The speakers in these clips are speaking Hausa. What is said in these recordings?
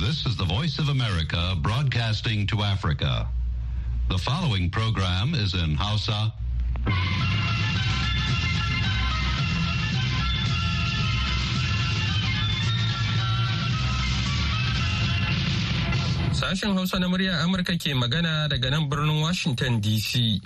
This is the Voice of America broadcasting to Africa. The following program is in Hausa. Sashen Hausa na murya Amurka ke magana daga nan birnin Washington DC.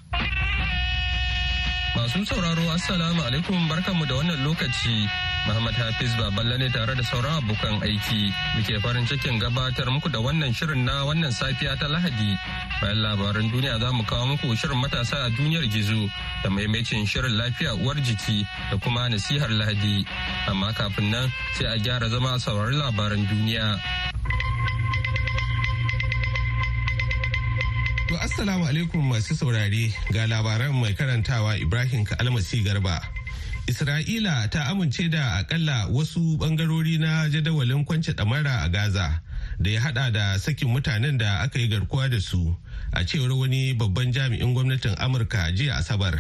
Masu sauraro Assalamu alaikum barkanmu da wannan lokaci. Muhammad Hafiz Baballe ne tare da sauran abokan aiki. Muke farin cikin gabatar muku da wannan shirin na wannan safiya ta Lahadi. Bayan labaran duniya za mu kawo muku shirin matasa a duniyar gizo da maimacin shirin lafiya uwar jiki da kuma nasihar Lahadi. Amma kafin nan sai a gyara zama a saurari labaran duniya. To assalamu alaikum masu saurare ga labaran mai karantawa Ibrahim Kalmasi Garba. Isra'ila ta amince da akalla wasu bangarori na jadawalin kwance ɗamara a Gaza da ya hada da sakin mutanen da aka yi garkuwa da su a cewar wani babban jami'in gwamnatin Amurka jiya Asabar.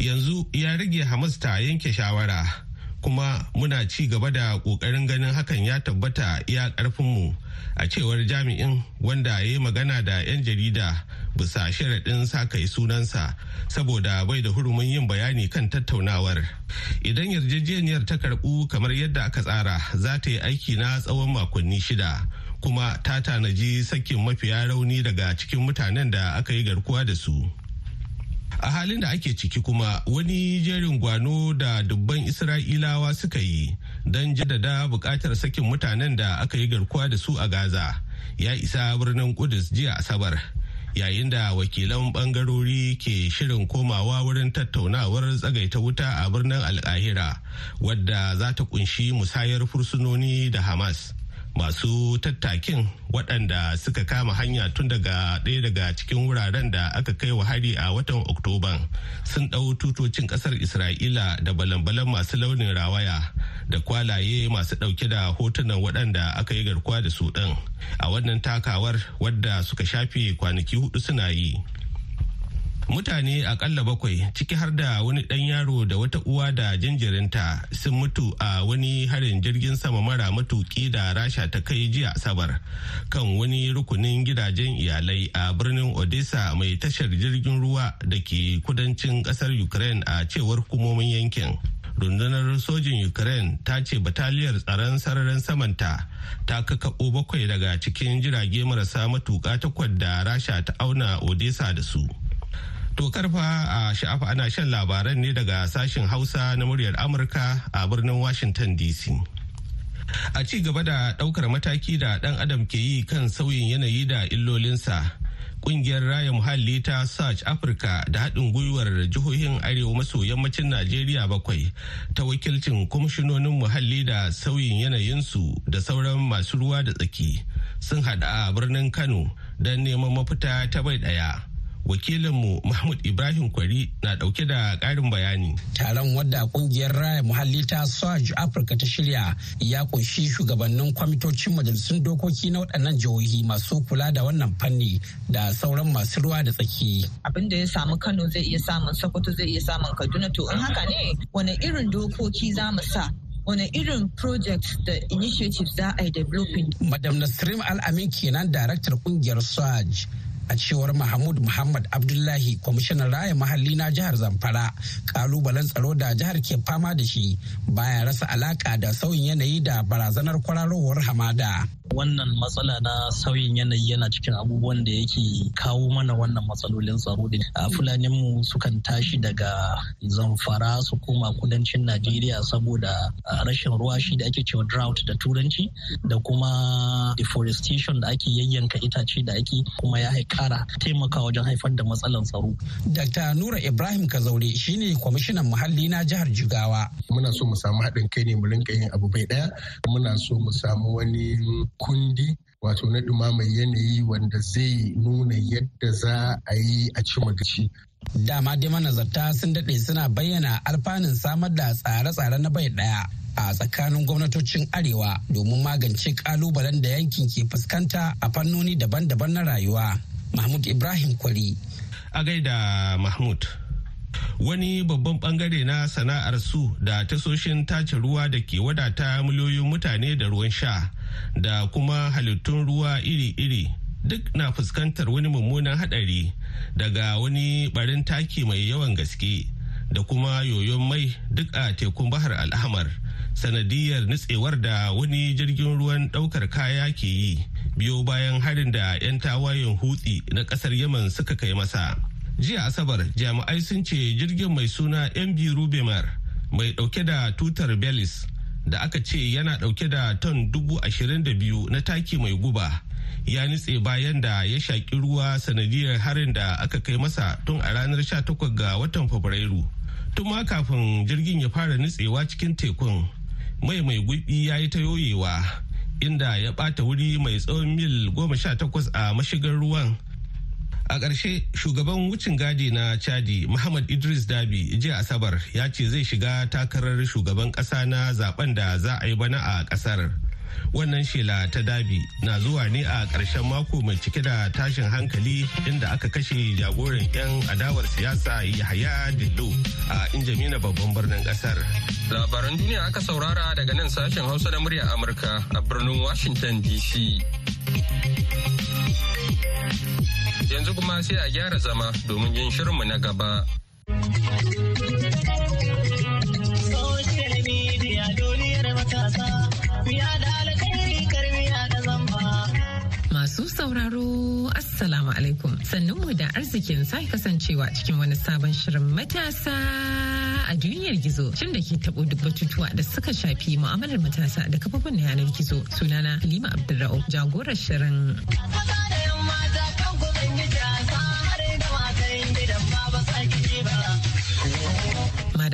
Yanzu ya rage Hamas ta yanke shawara kuma muna ci gaba da ƙoƙarin ganin hakan ya tabbata iya ƙarfinmu a cewar jami'in wanda ya yi magana da 'yan jarida bisa sharaɗin sa kai sunansa saboda bai da hurumin yin bayani kan tattaunawar idan yarjejeniyar ta karɓu kamar yadda aka tsara za ta yi aiki na tsawon makonni shida kuma ta tanaji sakin mafiya rauni daga cikin mutanen da aka yi garkuwa da su. a halin da ake ciki kuma wani jerin gwano da dubban isra'ilawa suka yi don jaddada bukatar sakin mutanen da aka yi garkuwa da su a gaza ya isa birnin kudus jiya asabar yayin da wakilan bangarori ke shirin komawa wurin tattaunawar tsagaita wuta a birnin alkahira wadda za ta kunshi musayar fursunoni da hamas masu tattakin waɗanda suka kama hanya tun daga ɗaya daga cikin wuraren da aka kai wa hari a watan oktoban sun ɗau tutocin ƙasar isra'ila da balan-balan masu launin rawaya da kwalaye masu ɗauke da hotunan waɗanda aka yi garkuwa da su ɗan, a wannan takawar wadda suka shafe kwanaki hudu suna yi mutane akalla bakwai ciki har da wani ɗan yaro da wata uwa da jinjirinta sun mutu a wani harin jirgin sama mara matuki da rasha ta kai jiya asabar kan wani rukunin gidajen iyalai a birnin odessa mai tashar jirgin ruwa da ke kudancin ƙasar ukraine a cewar hukumomin yankin rundunar sojin ukraine ta ce bataliyar tsaron sararin samanta ta kakaɓo bakwai daga cikin jirage marasa matuka takwas da rasha ta auna odessa da su To karfa a sha'afa ana shan labaran ne daga sashen Hausa na muryar Amurka a birnin Washington DC. A ci gaba da ɗaukar mataki da ɗan adam ke yi kan sauyin yanayi da illolinsa. Ƙungiyar Raya Muhalli ta Search Africa da haɗin gwiwar jihohin Arewa maso yammacin Najeriya bakwai ta wakilcin kwamishinonin muhalli da sauyin yanayinsu da sauran masu ruwa da tsaki sun haɗa a birnin Kano don neman mafita ta bai ɗaya. wakilinmu mahmud ibrahim kwari na dauke da karin bayani taron wadda kungiyar raya muhalli ta swaj afirka ta shirya ya kunshi shugabannin kwamitocin majalisun dokoki na waɗannan jihohi masu kula da wannan fanni da sauran masu ruwa da tsaki abin da ya samu kano zai iya samun sokoto zai iya samun kaduna to in haka ne wani irin dokoki za mu sa wane irin project da initiatives za a yi developing. Madam Nasrim Al-Amin kenan daraktar kungiyar SWAJ a cewar mahmud muhammad abdullahi kwamishinan raya mahalli na jihar zamfara kalubalen tsaro da jihar ke fama da shi baya rasa alaka da sauyin yanayi da barazanar kwararowar hamada wannan matsala na sauyin yanayi yana cikin abubuwan da yake kawo mana wannan matsalolin tsaro din a fulanin mu sukan tashi daga zamfara su koma kudancin najeriya saboda rashin ruwa shi da ake cewa drought da turanci da kuma deforestation da ake yayyanka itace da ake kuma ya haikara taimaka wajen haifar da matsalan tsaro dr nura ibrahim kazaure shine kwamishinan muhalli na jihar jigawa muna so mu samu haɗin kai ne mu rinka yin abu bai ɗaya muna so mu samu wani kundi wato na ɗumamar yanayi wanda zai nuna yadda za a yi a ci magaci. Dama dai manazarta sun daɗe suna bayyana alfanun samar da tsare-tsare na bai ɗaya a tsakanin gwamnatocin Arewa domin magance ƙalubalen da yankin ke fuskanta a fannoni daban-daban na rayuwa. Mahmud Ibrahim Kwari. A gaida Mahmud. wani babban bangare na sana'ar su da tasoshin tace ruwa da ke wadata miliyoyin mutane da ruwan sha da kuma halittun ruwa iri-iri duk na fuskantar wani mummunan hadari daga wani barin taki mai yawan gaske da kuma yoyon mai duk a tekun bahar alhamar sanadiyar nutsewar da wani jirgin ruwan daukar kaya ke yi biyo bayan harin da 'yan tawayen hutsi na kasar yaman suka kai masa jiya asabar jami'ai sun ce jirgin mai suna mb rubemar mai dauke da tutar belis da aka ce yana dauke da ton dubu ashirin da biyu na taki mai guba ya nitse bayan da ya shaƙi ruwa sanadiyar harin da aka kai masa tun a ranar sha 18 ga watan fabrairu tun ma kafin jirgin ya fara nitsewa cikin tekun mai mai gwiɓi ya yi ta yoyewa inda ya ɓata wuri mai tsawon mil goma sha takwas a mashigar ruwan a ƙarshe shugaban wucin gadi na chadi muhammad idris dabi jiya asabar ya ce zai shiga takarar shugaban ƙasa na zaben da za a yi bana a ƙasar wannan shela ta dabi na zuwa ne a ƙarshen mako mai cike da tashin hankali inda aka kashe jagoran 'yan adawar siyasa yahaya dillo a injamina babban birnin ƙasar labaran duniya aka saurara daga nan sashen hausa na murya amurka a birnin washington dc yanzu kuma sai a gyara zama domin yin shirinmu na gaba. Masu sauraro Assalamu alaikum sannan mu da arzikin sake kasancewa cikin wani sabon shirin matasa a duniyar gizo shin da ke tabo duk batutuwa da suka shafi mu'amalar matasa da kafafun yanar gizo sunana halima abdulra'u jagorar shirin.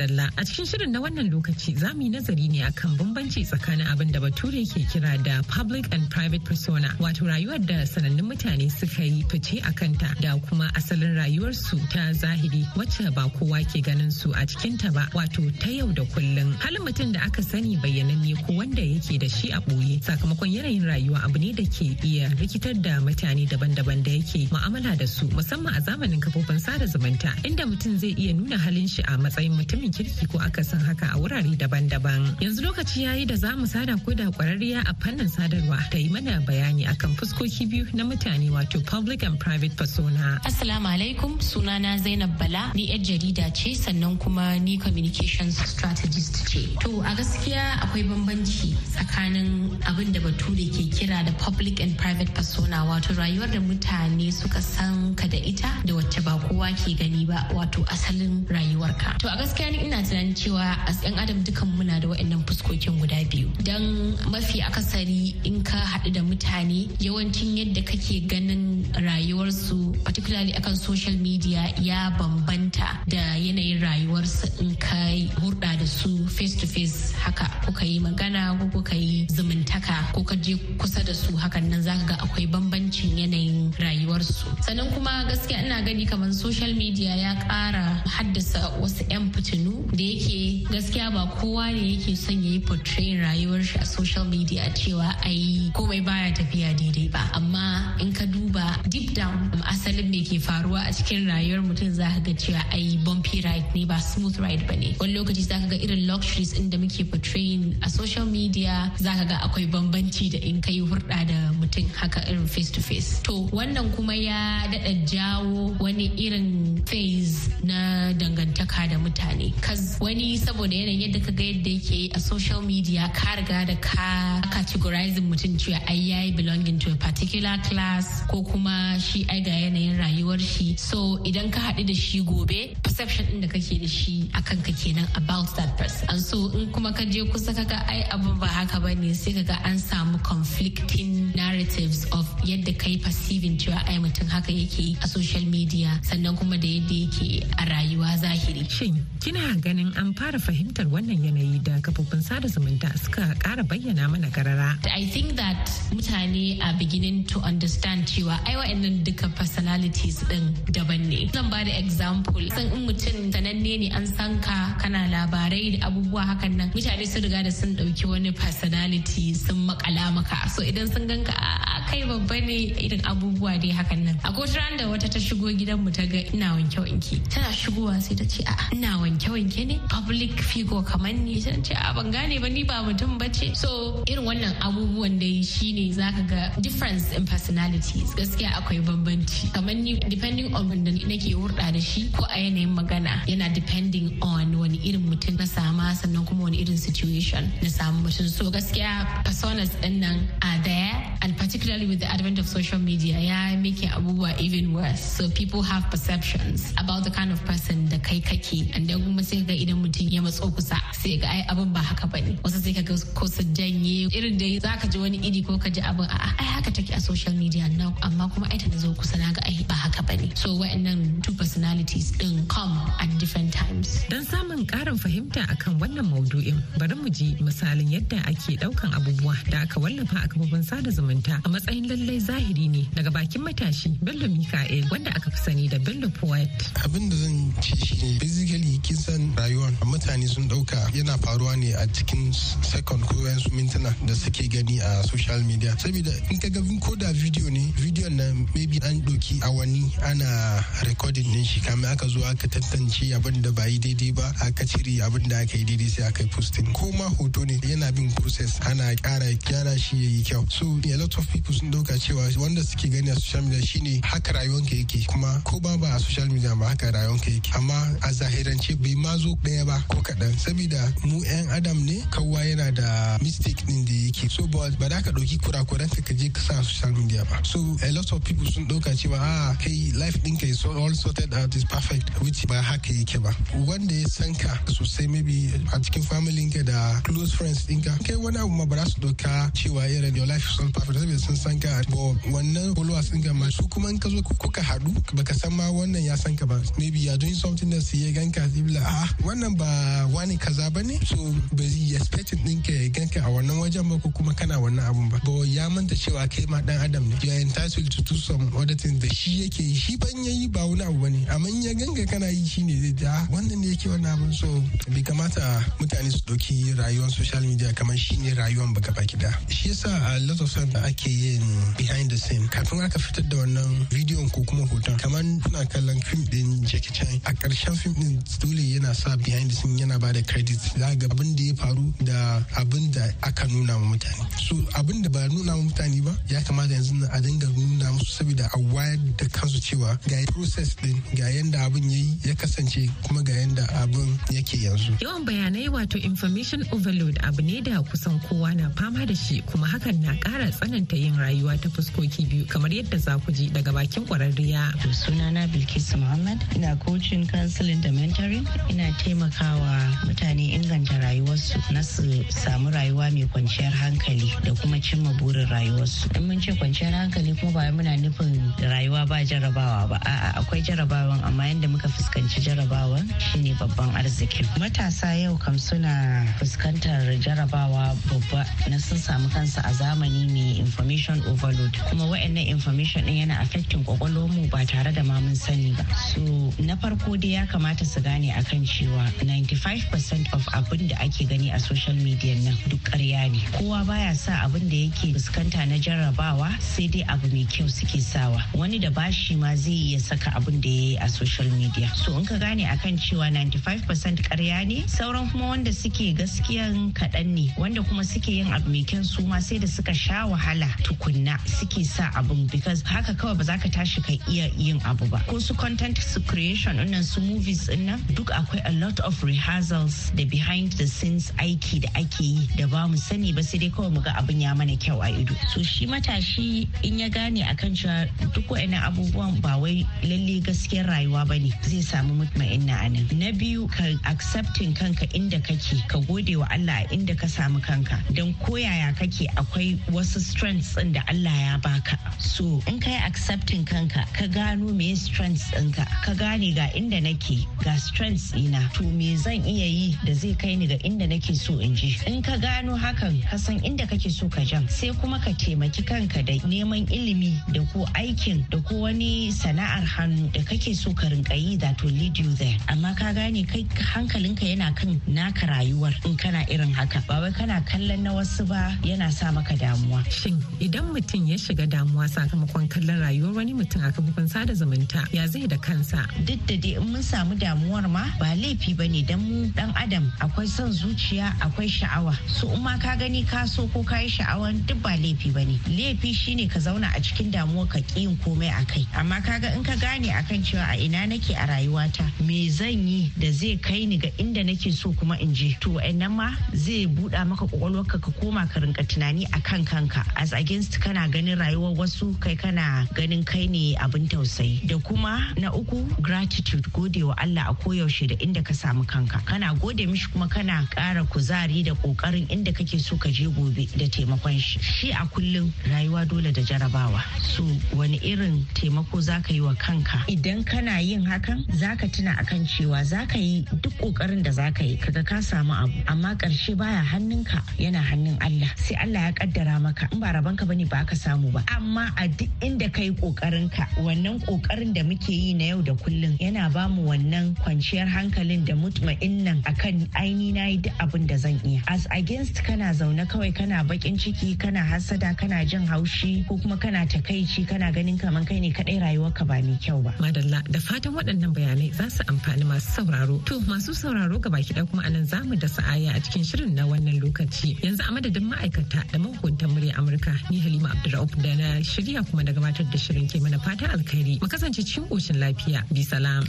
madalla a cikin shirin na wannan lokaci za mu yi nazari ne akan bambanci tsakanin abin da bature ke kira da public and private persona wato rayuwar da sanannun mutane suka yi fice a kanta da kuma asalin rayuwarsu ta zahiri wacce ba kowa ke ganin su a cikin ta ba wato ta yau da kullum halin mutum da aka sani bayyananne ko wanda yake da shi a boye sakamakon yanayin rayuwa abu ne da ke iya rikitar da mutane daban-daban da yake mu'amala da su musamman a zamanin kafofin sada zumunta inda mutum zai iya nuna halin shi a matsayin mutumin kirki ko akasin haka a wurare daban-daban. Yanzu lokaci ya yi da za mu sada ko da kwararriya a fannin sadarwa ta yi mana bayani akan fuskoki biyu na mutane wato public and private persona. Assalamu alaikum sunana Zainab Bala ni yar jarida ce sannan kuma ni communications strategist ce. To a gaskiya akwai bambanci tsakanin abin da bature ke kira da public and private persona wato rayuwar da mutane suka san ka da ita da wacce ba kowa ke gani ba wato asalin rayuwarka. To a gaskiya ni ina tunanin cewa a yan adam dukan muna da wa'annan fuskokin guda biyu don mafi akasari in ka haɗu da mutane yawancin yadda kake ganin rayuwarsu particularly akan social media ya bambanta da yanayin rayuwarsu in ka hurɗa da su face to face haka ko ka yi magana ko ka yi zumuntaka ko ka je kusa da su hakan nan zaka ga akwai bambancin yanayin rayuwarsu sannan kuma gaskiya ina gani kamar social media ya ƙara haddasa wasu 'yan know. da yake gaskiya ba kowa ne yake son ya yi portrayin rayuwar shi a social media cewa ai komai baya tafiya daidai ba amma in ka duba deep down asalin me ke faruwa a cikin rayuwar mutum za ka ga cewa ai bumpy ride ne ba smooth ride ba ne wani lokaci za ka ga irin luxuries inda muke portraying a social media za ka ga akwai bambanci da in ka yi hulɗa da mutum haka irin face to face to wannan kuma ya daɗa jawo wani irin phase na dangantaka da mutane kas wani saboda yanayin yadda ka ga yadda yake a social media ka riga da ka categorizing mutum cewa ai yayi belonging to a particular class ko kuma shi ai ga yanayin rayuwar shi so idan ka haɗu da shi gobe perception din da kake da shi akan ka kenan about that person and so in kuma ka je kusa kaga ai abu ba haka ba ne sai kaga an samu conflicting narratives of yadda kai perceiving cewa ai mutum haka yake a social media sannan kuma da yadda yake a rayuwa zahiri shin kina ganin ganin an fara fahimtar wannan yanayi da kafofin sada zumunta suka kara bayyana mana karara. I think that mutane are beginning to understand cewa ai wa'annan duka personalities din daban ne. Zan ba da example san in mutum sananne ne an san ka kana labarai da abubuwa hakan nan mutane sun riga da sun dauki wani personality sun makala maka so idan sun ganka a kai babba ne irin abubuwa dai hakan nan. A kotar da wata ta shigo gidanmu ta ga ina wanke wanke tana shigowa sai ta ce a'a ina wanke wanke mace ne public figure kaman ni ce a ah, ban gane ba ni ba mutum ba ce so irin wannan abubuwan dai shine zaka ga difference in personalities gaskiya akwai bambanci kaman ni depending on wanda nake hurɗa da shi ko a yanayin magana yana depending on wani irin mutum na sama sannan kuma wani irin situation na samu mutum so gaskiya personas din nan a there and particularly with the advent of social media, ya make abubuwa even worse. So people have perceptions about the kind of person da kai kake. And then kuma sai ga idan mutum ya matso kusa sai ga ai abin ba haka bane. Wasu sai ka ga ko su janye irin dai zaka ji wani iri ko ka ji abin a'a ai haka take a social media na amma kuma ai ta zo kusa na ga ai ba haka bane. So wa'annan two personalities din come at different times. Dan samun karin fahimta akan wannan maudu'in bari mu ji misalin yadda ake daukan abubuwa da aka wallafa a kafafen sada zumunta a matsayin lallai zahiri ne daga bakin matashi Bello mikael wanda aka fi sani da Bello Poet. Abin da zan ce shi ne basically kin san rayuwar mutane sun dauka yana faruwa ne a cikin second ko su mintuna da suke gani a social media. Saboda in ka ga ko da video ne video na maybe an doki awanni ana recording din shi kamar aka zo aka tantance abin da ba yi daidai ba aka cire abin da aka yi daidai sai aka yi posting ko ma hoto ne yana bin process ana kara gyara shi yayi kyau so a lot of people sun dauka cewa wanda suke gani a social media shine haka rayuwanka yake kuma ko ba ba a social media ba haka rayuwanka yake amma a zahirance bai ma zo daya ba ko kaɗan saboda mu 'yan adam ne kawwa yana da mistake din da yake so ba za ka ɗauki kurakuran ka je ka sa social media ba so a lot of people sun ɗauka cewa a ah, kai life ɗinka is all sorted out is perfect which ba haka yake ba wanda ya san ka sosai maybe a cikin family ka da close friends ɗinka kai wani abu ma ba za su ɗauka cewa irin your life is all perfect sun san ka bo wannan followers din ga ma su kuma ka zo kuka hadu baka san ma wannan ya san ka ba maybe ya doing something da su ya ganka zai bila ah wannan ba wani kaza ba ne so ba zai din ka gan ganka a wannan wajen ba ko kuma kana wannan abun ba bo ya manta cewa kai ma dan adam ne you are entitled to do some other things da shi yake yi shi ban yayi ba wani abu bane amma in ya ganga kana yi ne zai ta ah, wannan ne yake wannan abun so bai kamata mutane su ɗauki rayuwar social media kamar shi ne rayuwar baka baki da shi yasa a lot of times ake yin behind the scene kafin aka fitar da wannan bidiyon ko kuma hoton kamar kuna kallon fim din Jackie Chan a ƙarshen fim din dole yana sa behind the scene yana bada credit za ga abin da ya faru da abin da aka nuna wa mutane so abin da ba nuna wa mutane ba ya kamata yanzu a dinga nuna musu saboda a wayar da kansu cewa ga process din ga yanda abin yayi ya kasance kuma ga yanda abin yake yanzu yawan bayanai wato information overload abu ne da kusan kowa na fama da shi kuma hakan na ƙara tsananta yin rayuwa ta fuskoki biyu kamar yadda za ku ji daga bakin kwararriya. Sunana Bilkisu Muhammad, ina coaching, counseling da mentoring, ina taimakawa mutane inganta rayuwarsu na su samu rayuwa mai kwanciyar hankali da kuma cimma burin rayuwarsu. In mun ce kwanciyar hankali kuma ba muna nufin rayuwa ba jarabawa ba, a'a akwai jarabawan amma yadda muka fuskanci jarabawan shine babban arzikin. Matasa yau kam suna fuskantar jarabawa babba na sun samu kansu a zamani mai information information overload kuma wa'annan information din yana affecting kwakwalwar mu ba tare da mamun sani ba so na farko dai ya kamata su gane akan cewa 95% of abin da ake gani a social media nan duk ƙarya ne kowa baya sa abin da yake fuskanta na jarrabawa sai dai abu mai kyau suke sawa wani da bashi ma zai iya saka abin da ya yi a social media so in ka gane akan cewa 95% ƙarya ne sauran kuma wanda suke gaskiyan kaɗan ne wanda kuma suke yin abu mai kyau su ma sai da suka sha wahala tukunna suke sa abun because haka kawai ba za ka tashi ka iya yin abu ba ko su content su creation ɗinnan su movies ɗinnan duk akwai a lot of rehearsals da behind the scenes aiki da ake yi da ba mu sani ba sai dai kawai muga abin ya mana kyau a ido so shi matashi in ya gane akan cewa duk wa'annan abubuwan ba wai lalle gaskiyar rayuwa ba ne zai samu mutmainna a nan na biyu ka accepting kanka inda kake ka gode wa Allah a inda ka samu kanka don koyaya kake akwai wasu strength strengths da Allah ya baka so in kai accepting kanka ka gano me strengths ɗinka ka gane ga inda nake ga strengths ina to me zan iya yi da zai kai ni ga inda nake so in je in ka gano hakan ka san inda kake so ka jan sai kuma ka taimaki kanka da neman ilimi da ko aikin da ko wani sana'ar hannu da kake so ka rinka yi that will lead you there amma ka gane kai hankalinka yana kan naka rayuwar in kana irin haka ba wai kana kallon na wasu ba yana sa maka damuwa shin idan mutum ya shiga damuwa sakamakon kallon rayuwar wani mutum a kafafen sada zumunta ya zai da kansa duk da dai in mun samu damuwar ma ba laifi ba ne dan mu dan adam akwai son zuciya akwai sha'awa su in ma ka gani ka so ko ka yi sha'awan duk ba laifi ba ne laifi shine ka zauna a cikin damuwa ka ki yin komai a kai amma kaga in ka gane akan cewa a ina nake a rayuwata me zan yi da zai kai ni ga inda nake so kuma in je to wa'annan ma zai buɗa maka kwakwalwarka ka koma ka rinka tunani a kan kanka a against kana ganin rayuwar wasu kai kana ganin kai ne abin tausayi da kuma na uku gratitude gode wa Allah a koyaushe da inda ka samu kanka kana gode mishi kuma kana ƙara kuzari da ƙoƙarin inda kake so ka je gobe da taimakon shi shi a kullum rayuwa dole da jarabawa so wani irin taimako zaka yi wa kanka idan kana yin hakan zaka ka tuna akan cewa zaka yi duk ƙoƙarin da za ka yi kaga ka samu abu amma ƙarshe baya hannunka yana hannun Allah sai Allah ya kaddara maka in ba gabanka bane ba ka samu ba amma a duk inda kai kokarin ka wannan kokarin da muke yi na yau da kullum yana ba mu wannan kwanciyar hankalin da mutma'innan akan aini na yi duk abin da zan iya as against kana zaune kawai kana bakin ciki kana hasada kana jin haushi ko kuma kana takaici kana ganin kamar kai ne kadai rayuwarka ba mai kyau ba madalla da fatan waɗannan bayanai za su amfani masu sauraro to masu sauraro gaba ki kuma anan zamu da sa'aya a cikin shirin na wannan lokaci yanzu a madadin ma'aikata da mahukuntan murya amurka ni Halima Abdurrauf da na shirya kuma na gabatar da shirin ke mana fatan alkhairi. Mu kasance cikin koshin lafiya. Bi salam.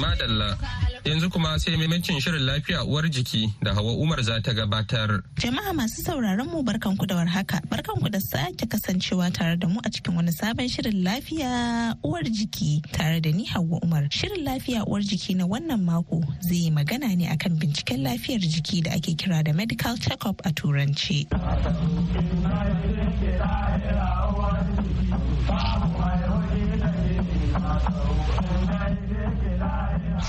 Madalla. Yanzu kuma sai maimacin shirin lafiya uwar jiki da Hawa Umar za ta gabatar. Jama'a masu sauraron mu barkan ku da warhaka. barkan ku da sake kasancewa tare da mu a cikin wani sabon shirin lafiya uwar jiki tare da ni Hawa Umar. Shirin lafiya uwar jiki na wannan mako zai yi magana ne akan binciken lafiyar jiki da ake kira da medical checkup a turanci.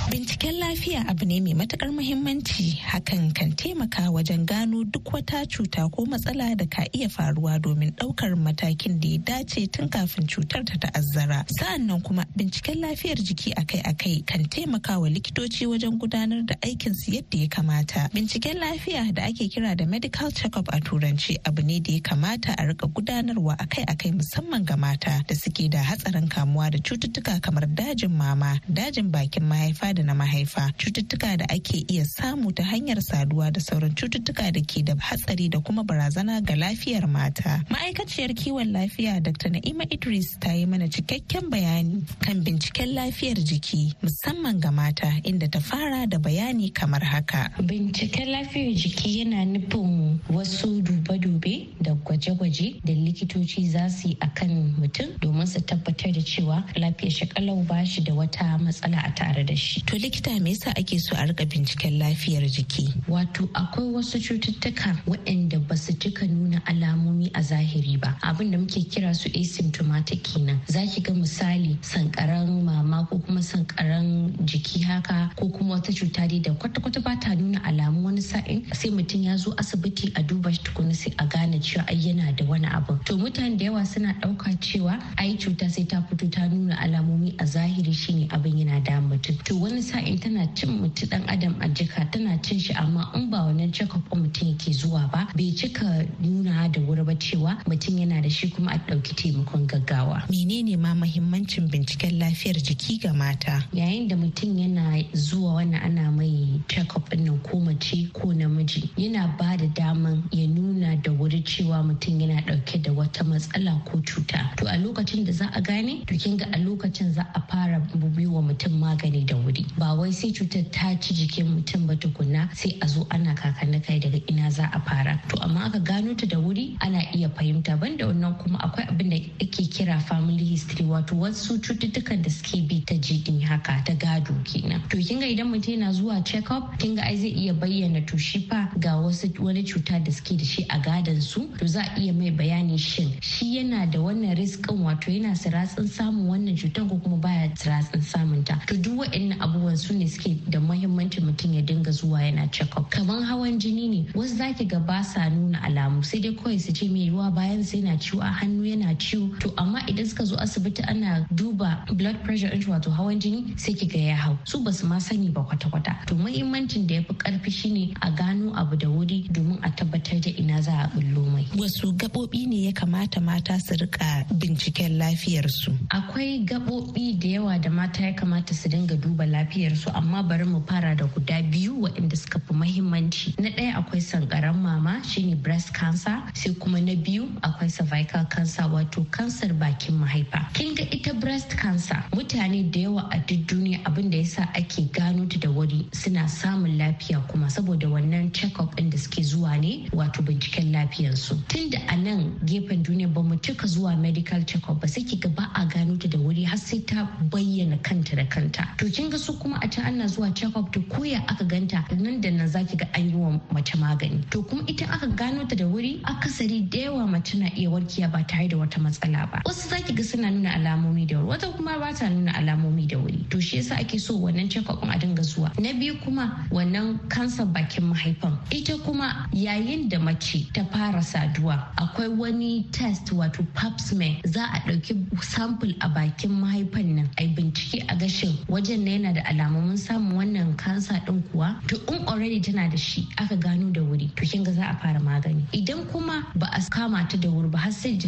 Binciken lafiya abu ne mai matukar muhimmanci hakan kan taimaka wajen gano duk wata cuta ko matsala da ka iya faruwa domin ɗaukar matakin da ya dace tun kafin cutar ta ta'azzara. Sa'an nan kuma binciken lafiyar jiki akai-akai kan taimaka wa likitoci wajen gudanar da aikin su yadda ya kamata. Binciken lafiya da ake kira da medical check-up a turanci abu ne da ya kamata a rika gudanarwa akai-akai musamman ga mata da suke da hatsarin kamuwa da cututtuka kamar dajin mama, dajin bakin mahaifa mahaifa da na mahaifa cututtuka da ake iya samu ta hanyar saduwa da sauran cututtuka da ke da hatsari da kuma barazana ga lafiyar mata ma'aikaciyar kiwon lafiya dr na'ima idris ta yi mana cikakken bayani kan binciken lafiyar jiki musamman ga mata inda ta fara da bayani kamar haka binciken lafiyar jiki yana nufin wasu dube-dube da gwaje-gwaje da likitoci za su yi kan mutum domin su tabbatar da cewa lafiyar shi ba shi da wata matsala a tare da shi to likita me yasa ake so a rika binciken lafiyar jiki wato akwai wasu cututtuka waɗanda ba su cika nuna alamomi a zahiri ba abin da muke kira su asymptomatic kenan ki ga misali sankaran mama ko kuma sankaran jiki haka ko kuma wata cuta dai da kwata-kwata ba ta nuna alamu wani sa'in sai mutum ya zo asibiti a duba shi tukuna sai a gane cewa ai yana da wani abu to mutane da yawa suna ɗauka cewa ai cuta sai ta fito ta nuna alamomi a zahiri shine abin yana da mutum to wani sa'in tana cin mutu dan adam a jika tana cin shi amma in ba wannan check up mutum yake zuwa ba bai cika nuna da wuri ba cewa mutum yana da shi kuma a ɗauki taimakon gaggawa. Menene ma mahimmancin binciken lafiyar jiki ga mata? Yayin da mutum yana zuwa wannan ana mai check up nan ko mace ko namiji yana ba da daman ya nuna da wuri cewa mutum yana ɗauke da wata matsala ko cuta. To a lokacin da za a gane to kinga a lokacin za a fara wa mutum magani da wuri. wuri ba wai sai cutar ta ci jikin mutum ba tukunna sai a zo ana kakanni kai daga ina za a fara to amma aka gano ta da wuri ana iya fahimta banda wannan kuma akwai abin da ake kira family history wato wasu cututtukan da suke bi ta jini haka ta gado kenan to kin ga idan mutum yana zuwa check up kin ga ai zai iya bayyana to shi fa ga wasu wani cuta da suke da shi a gadon su to za a iya mai bayani shin shi yana da wannan riskin wato yana siratsin samun wannan cutar ko kuma baya siratsin samun ta to duk wa'annan abubuwan su ne suke da muhimmanci mutum ya dinga zuwa yana check up kamar hawan jini ne wasu zaki ga ba sa nuna alamu sai dai kawai su ce mai yiwuwa bayan sai na ciwo a hannu yana ciwo to amma idan suka zo asibiti ana duba blood pressure inch wato hawan jini sai ki kiga ya hau su ba su ma sani ba kwata-kwata to muhimmancin da ya fi karfi shine a gano abu da wuri domin a tabbatar da ina za a bullo mai wasu gaɓoɓi ne ya kamata mata su rika binciken lafiyarsu akwai gaɓoɓi da yawa da mata ya kamata su dinga duba lafiyarsu amma bari mu fara da guda biyu waɗanda suka fi mahimmanci na ɗaya akwai sankaran mama shine breast cancer sai kuma na biyu akwai cervical cancer wato kansar bakin mahaifa kin ga ita breast cancer mutane da yawa a duk duniya abin da yasa ake gano ta da wuri suna samun lafiya kuma saboda wannan check-up ɗin da suke zuwa ne wato binciken lafiyarsu tunda a nan gefen duniya ba mu cika zuwa medical check-up ba sai ki ga ba a gano ta da wuri har sai ta bayyana kanta da kanta to kin ga su kuma a can ana zuwa check up to koya aka ganta nan da nan zaki ga an yi wa mace magani to kuma ita aka gano ta da wuri akasari da yawa mace na iya warkiya ba tare da wata matsala ba wasu zaki ga suna nuna alamomi da wuri wata kuma ba ta nuna alamomi da wuri to shi yasa ake so wannan check up a dinga zuwa na biyu kuma wannan kansar bakin mahaifan ita kuma yayin da mace ta fara saduwa akwai wani test wato pap smear za a ɗauki sample a bakin mahaifan nan a bincike a gashin wajen na yana da alamomin samun wannan kansa ɗin kuwa to in already tana da shi aka gano da wuri to kin ga za a fara magani idan kuma ba a kama ta da wuri ba har sai ta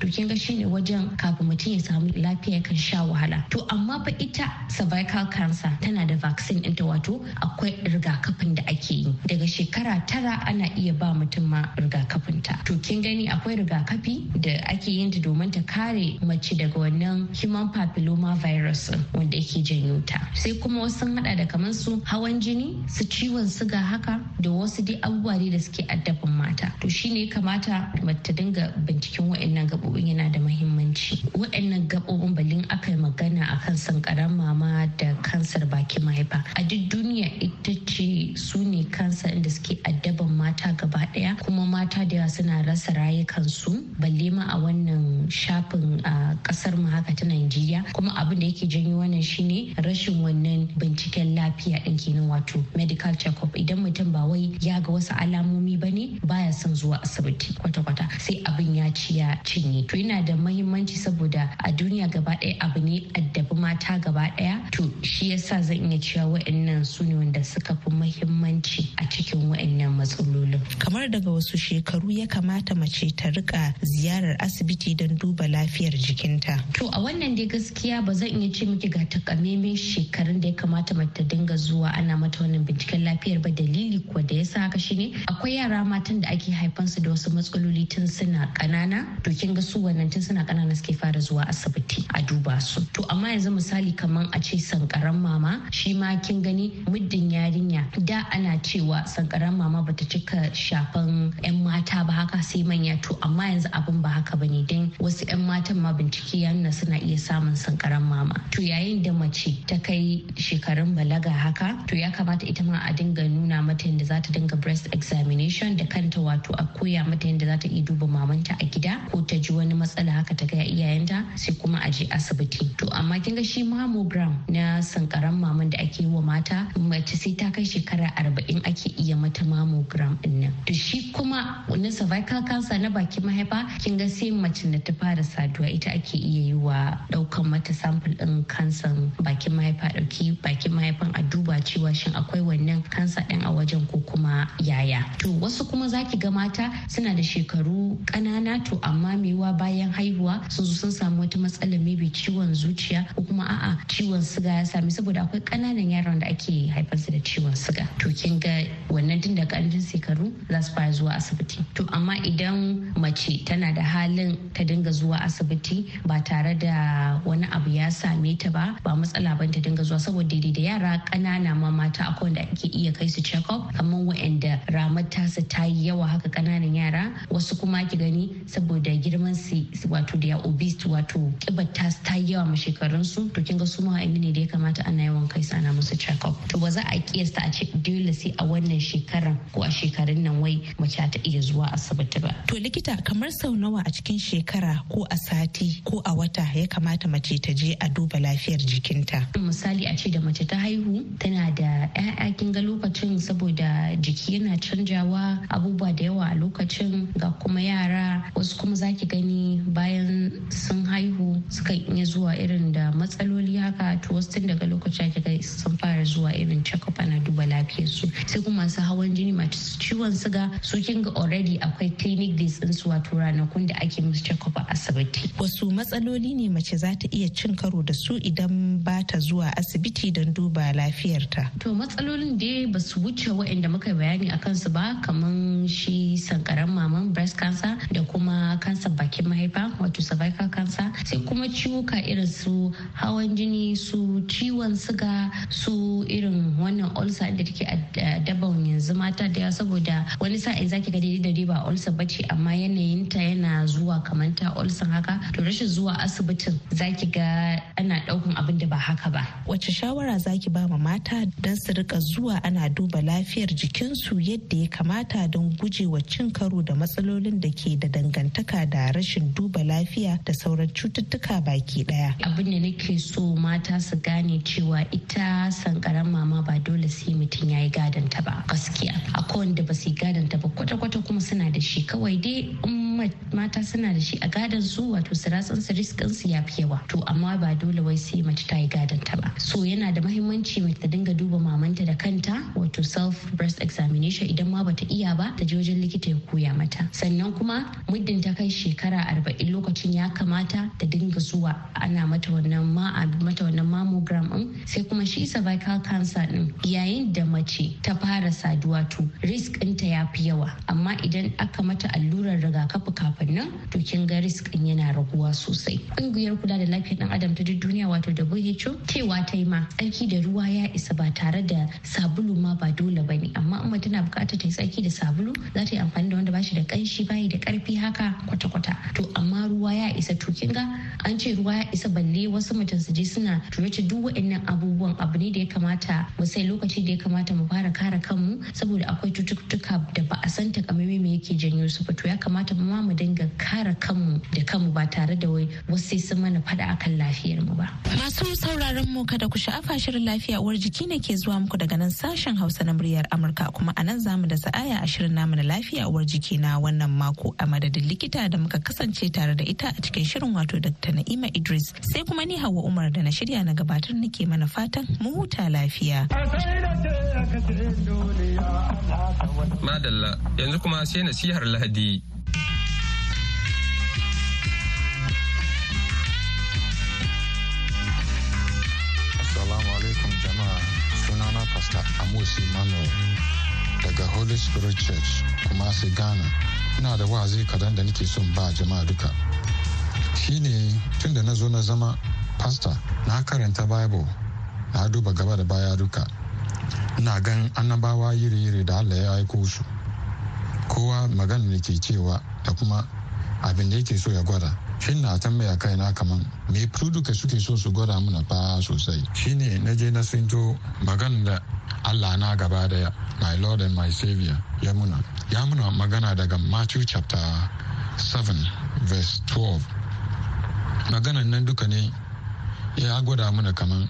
to kin ga shine wajen kafin mutum ya samu lafiya kan sha wahala to amma fa ita cervical cancer tana da vaccine ɗinta wato akwai rigakafin da ake yi daga shekara tara ana iya ba mutum ma rigakafin ta to kin gani akwai rigakafi da ake yin ta domin ta kare mace daga wannan human papilloma virus wanda yake janyo wuta sai kuma wasu sun hada da kamar su hawan jini su ciwon suga haka da wasu dai abubuwa da suke addabin mata to shine kamata ta dinga binciken wa'annan gabobin yana da mahimmanci wa'annan gabobin balin aka yi magana akan sankaran mama da kansar bakin mahaifa a duk duniya ita ce su ne kansa inda suke addaban mata gaba daya kuma mata da yawa suna rasa rayukansu balle ma a wannan shafin a kasar mu haka ta Najeriya kuma abin da yake janyo wannan shine rashin wannan binciken lafiya ɗin kenan wato medical check-up idan mutum ba wai ya ga wasu alamomi ba ne baya son zuwa asibiti kwata-kwata sai abin ya ci ya cinye to yana da mahimmanci saboda a duniya gaba ɗaya abu ne addabi mata gaba ɗaya to shi yasa zan iya cewa wa'annan su ne wanda suka fi mahimmanci a cikin wa'annan matsalolin kamar daga wasu shekaru ya kamata mace ta rika ziyarar asibiti don duba lafiyar jikinta to a wannan dai gaskiya ba zan iya ce miki ga takamaimai shekarun da ya kamata mata dinga zuwa ana mata wannan binciken lafiyar ba dalili kuwa da ya sa. haka ne akwai yara matan da ake haifansu da wasu matsaloli tun suna ƙanana to kin ga su wannan tun suna ƙanana suke fara zuwa asibiti a duba su to amma yanzu misali kaman a ce sankaran mama shi ma kin gani muddin yarinya da ana cewa sankaran mama bata cika shafan yan mata ba haka sai manya to amma yanzu abin ba haka bane dan wasu yan matan ma bincike ya nuna suna iya samun sankaran mama to yayin da mace ta kai shekarun balaga haka to ya kamata ita ma a dinga nuna mata yadda za ta dinga breast examination da kanta wato a koya mata yadda za ta iya duba mamanta a gida ko ta ji wani matsala haka ta gaya iyayenta sai kuma a je asibiti to amma kin ga shi mammogram na sankaran maman da ake wa mata mace sai ta kai shekara arba'in ake iya mata mammogram din nan to shi kuma na cervical cancer na bakin mahaifa kin ga sai mace na ta fara saduwa ita ake iya yi wa daukan mata sample din kansan bakin mahaifa dauki bakin mahaifan a duba cewa shin akwai wannan kansa din a wajen ko kuma yaya to wasu kuma zaki ga mata suna da shekaru ƙanana to amma mewa bayan haihuwa sun zo sun samu wata matsala maybe ciwon zuciya ko kuma a'a ciwon suga ya sami saboda akwai ƙananan yaran da ake haifar su da ciwon suga to kin ga wannan tun da ƙarancin shekaru za su fara zuwa asibiti to amma idan mace tana da halin ta dinga zuwa asibiti ba tare da wani abu ya same ta ba ba matsala ba ta dinga zuwa saboda daidai da yara ƙanana ma mata akwai wanda ake iya kai su check up kamar wa'anda saboda ramar tasa ta yi yawa haka kananan yara wasu kuma ki gani saboda girman su wato da ya obese wato kibar tasa ta yi yawa ma shekarun su to kin ga su ma ne da ya kamata ana yawan kai su ana musu check up to ba za a kiyasta a ce dole sai a wannan shekaran ko a shekarun nan wai mace ta iya zuwa asibiti ba to likita kamar sau nawa a cikin shekara ko a sati ko a wata ya kamata mace ta je a duba lafiyar jikinta misali a ce da mace ta haihu tana da 'ya'ya kin ga lokacin saboda jiki yana canjawa abubuwa da yawa a lokacin ga kuma yara wasu kuma zaki gani bayan sun haihu suka iya zuwa irin da matsaloli haka to wasu tun daga lokacin gani sun fara zuwa irin check-up ana duba lafiyarsu sai kuma masu hawan jini masu ciwon suga su kin ga already akwai clinic days din su wato ranakun da ake musu check a asibiti wasu matsaloli ne mace za ta iya cin karo da su idan ba ta zuwa asibiti don duba lafiyarta to matsalolin dai ba su wuce waɗanda muka bayani bayani a kansu ba kamar shi sankaran maman breast cancer da kuma kansa bakin mahaifa wato cervical cancer sai kuma ciwuka irin su hawan jini su ciwon suga su irin wannan ulcer da take daban yanzu mata da saboda wani sa'in zaki ga daidai da ba ulcer bace amma yanayin ta yana zuwa kamar ta ulcer haka to rashin zuwa asibitin zaki ga ana daukan abin da ba haka ba wace shawara zaki ba ma mata dan su rika zuwa ana duba lafiyar jikinsu su yadda ya kamata don gujewa cin karo da matsalolin da ke da dangantaka da rashin duba lafiya da sauran cututtuka baki daya. Abin da nake so mata su gane cewa ita sankaran mama ba dole sai mutum ya yi gadon ba gaskiya. Akwai wanda ba su yi gadon ba kwata-kwata kuma suna da shi kawai dai mata suna da shi a gadon su wato su ratsan su riskin su ya fi yawa to amma ba dole wai sai mace ta yi gadon ta ba so yana da mahimmanci mace ta dinga duba mamanta da kanta wato self breast examination idan ma bata iya ba ta je wajen likita ya koya mata sannan kuma muddin ta kai shekara arba'in lokacin ya kamata ta dinga zuwa ana mata wannan ma mata wannan mammogram din sai kuma shi cervical cancer din yayin da mace ta fara saduwa to risk ɗinta ya fi yawa amma idan aka mata allurar rigakafi babu kafin nan to kin ga riskin yana raguwa sosai ƙungiyar kula da lafiyar dan adam ta duniya wato WHO cewa ta yi ma tsarki da ruwa ya isa ba tare da sabulu ma ba dole bane amma amma tana bukatar ta yi tsarki da sabulu za ta yi amfani da wanda bashi da kanshi bayi da karfi haka kwata-kwata to amma ruwa ya isa to kin ga an ce ruwa ya isa balle wasu mutum su je suna tuwace duk waɗannan abubuwan abu ne da ya kamata mu sai lokaci da ya kamata mu fara kare kanmu saboda akwai cututtuka da ba a san kamar me yake janyo su ba to ya kamata mu ma mu dinga kare kanmu da kanmu ba tare da wai wasu sun mana faɗa akan lafiyar mu ba. Masu sauraron mu kada ku sha'afa shirin lafiya uwar jiki ne ke zuwa muku daga nan sashen Hausa na muryar Amurka kuma a nan zamu da sa'aya a shirin namu na lafiya uwar jiki na wannan mako a madadin likita da muka kasance tare da ita a cikin shirin wato Dr. Na'ima Idris sai kuma ni Hauwa Umar da na shirya na gabatar nake mana fatan mu huta lafiya. Madalla yanzu kuma sai nasihar Lahadi. pastor amos emmanuel daga holy spirit church kuma sai ghana ina da wa'azi kadan da nake son ba jama'a duka shine tun da na zo na zama pastor na karanta bible na duba gaba da baya duka ina gan annabawa yiri-yiri da allah ya aiko su kowa magana da ke cewa da kuma abin da yake so ya gwada shin na tambaya kaina kaman me duka suke so su gwada mana fa sosai shine na je na sinto magana da Allah na gaba daya my lord and my savior ya muna ya muna magana daga Matthew chapter 7 verse 12 magana nan duka ne ya gwada mana kaman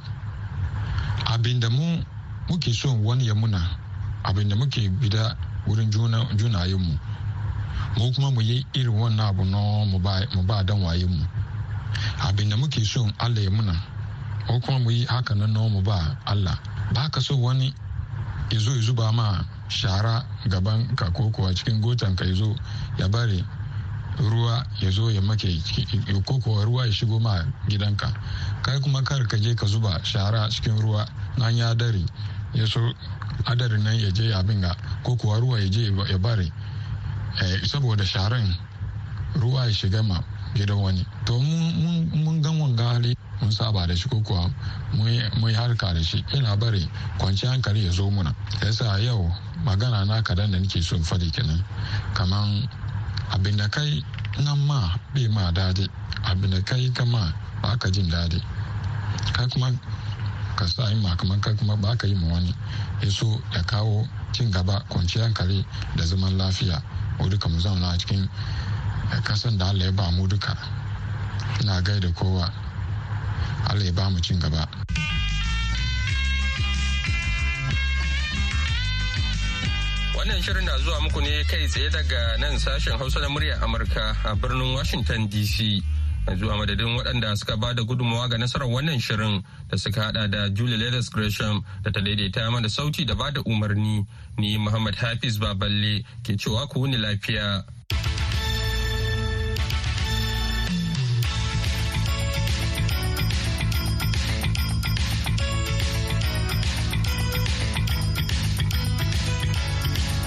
abinda mu muke son wani ya muna abinda muke bida wurin junayenmu mu kuma mu yi irin wannan abu na mu ba dan waye mu abin da muke so Allah ya muna ko kuma mu yi haka nan mu ba Allah ba ka so wani ya zo ya zuba ma shara gaban ka ko kuwa cikin gotan ka ya zo ya bare ruwa ya zo ya make ko kuwa ruwa ya shigo ma gidanka kai kuma kar ka je ka zuba shara cikin ruwa nan ya dare ya so adarin nan ya je abin ga ko kuwa ruwa ya je ya bare Eh, saboda sharan ruwa ya shiga ma gidan wani to mun gan wanga hali mun saba da shi ko kuwa mun harka da shi ina bari kwanci hankali ya zo muna yasa yau magana na kadan da nake so faɗi kenan kaman abin da kai nan ma bai ma dadi abin da kai kama ba ka jin dadi ka kuma ka sa yi kaman ka kuma ba ka yi ma wani ya so ya kawo cin gaba kwanci hankali da zaman lafiya mu duka mu zauna a cikin kasan da allah ya ba mu duka na gaida kowa allah ya ba mu cin gaba wannan shirin na zuwa muku ne kai tsaye daga nan sashen hausa na murya amurka a birnin washington dc yanzu zuwa madadin waɗanda suka ba da gudunmawa ga nasarar wannan shirin da suka hada da julia ladis gresham da ta daidaita mana sauti da ba da umarni ni muhammad hafiz baballe ke cewa ku wuni lafiya.